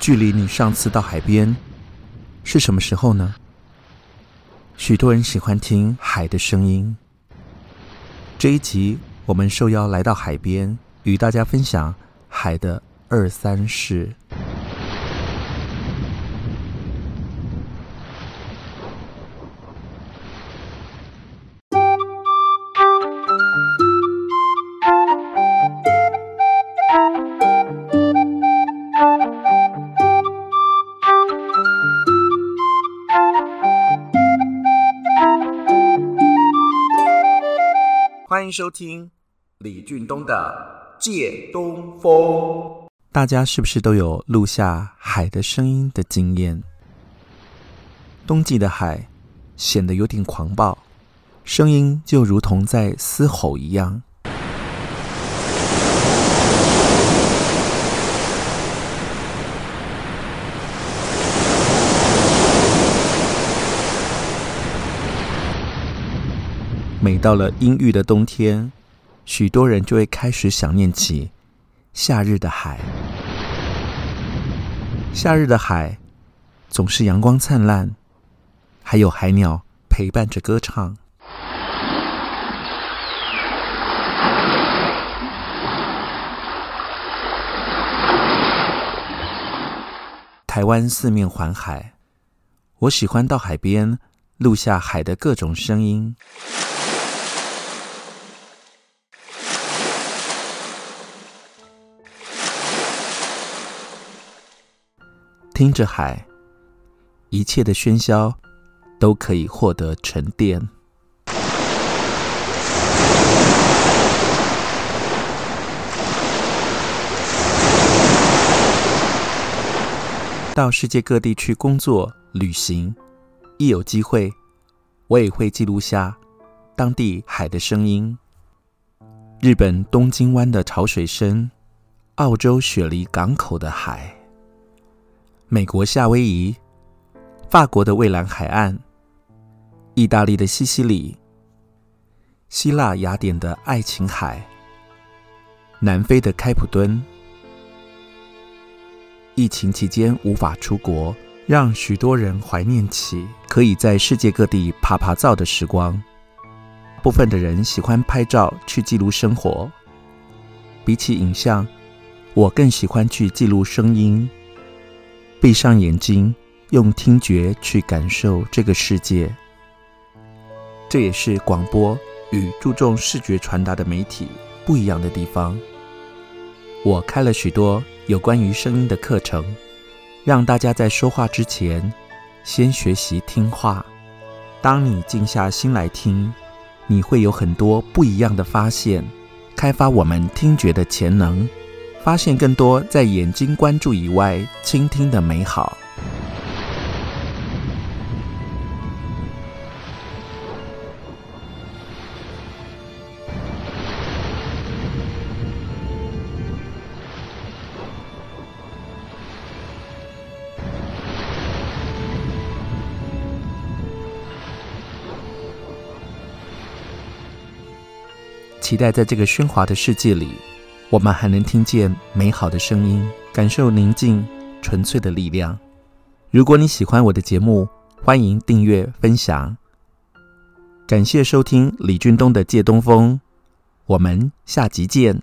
距離你上次到海邊是什麼時候呢？許多人喜歡聽海的聲音。這一集，我們受邀來到海邊，與大家分享海的二三事。歡迎收聽李俊東的《借東風》。大家是不是都有錄下海的聲音的經驗？冬季的海顯得有點狂暴，聲音就如同在嘶吼一樣。每到了陰鬱的冬天，許多人就會開始想念起夏日的海。夏日的海總是陽光燦爛，還有海鳥陪伴着歌唱。台灣四面環海，我喜歡到海邊錄下海的各種聲音。聽着海，一切的喧囂都可以獲得沉澱。到世界各地去工作、旅行，一有機會，我也會記錄下當地海的聲音。日本東京灣的潮水聲，澳洲雪梨港口的海。美國夏威夷、法國的蔚藍海岸、意大利的西西里、希臘雅典的愛琴海、南非的開普敦。疫情期間無法出國，讓許多人懷念起可以在世界各地趴趴走的時光。部分的人喜歡拍照去記錄生活，比起影像，我更喜歡去記錄聲音。閉上眼睛，用聽覺去感受這個世界。這也是廣播與注重視覺傳達的媒體不一樣的地方。我開了許多有關於聲音的課程，讓大家在說話之前先學習聽話。當你靜下心來聽，你會有很多不一樣的發現，開發我們聽覺的潛能。發現更多在眼睛關注以外，傾聽的美好。期待在這個喧嘩的世界裡，我們還能聽見美好的聲音，感受寧靜純粹的力量。如果你喜歡我的節目，歡迎訂閱分享。感謝收聽李俊東的借東風，我們下集見。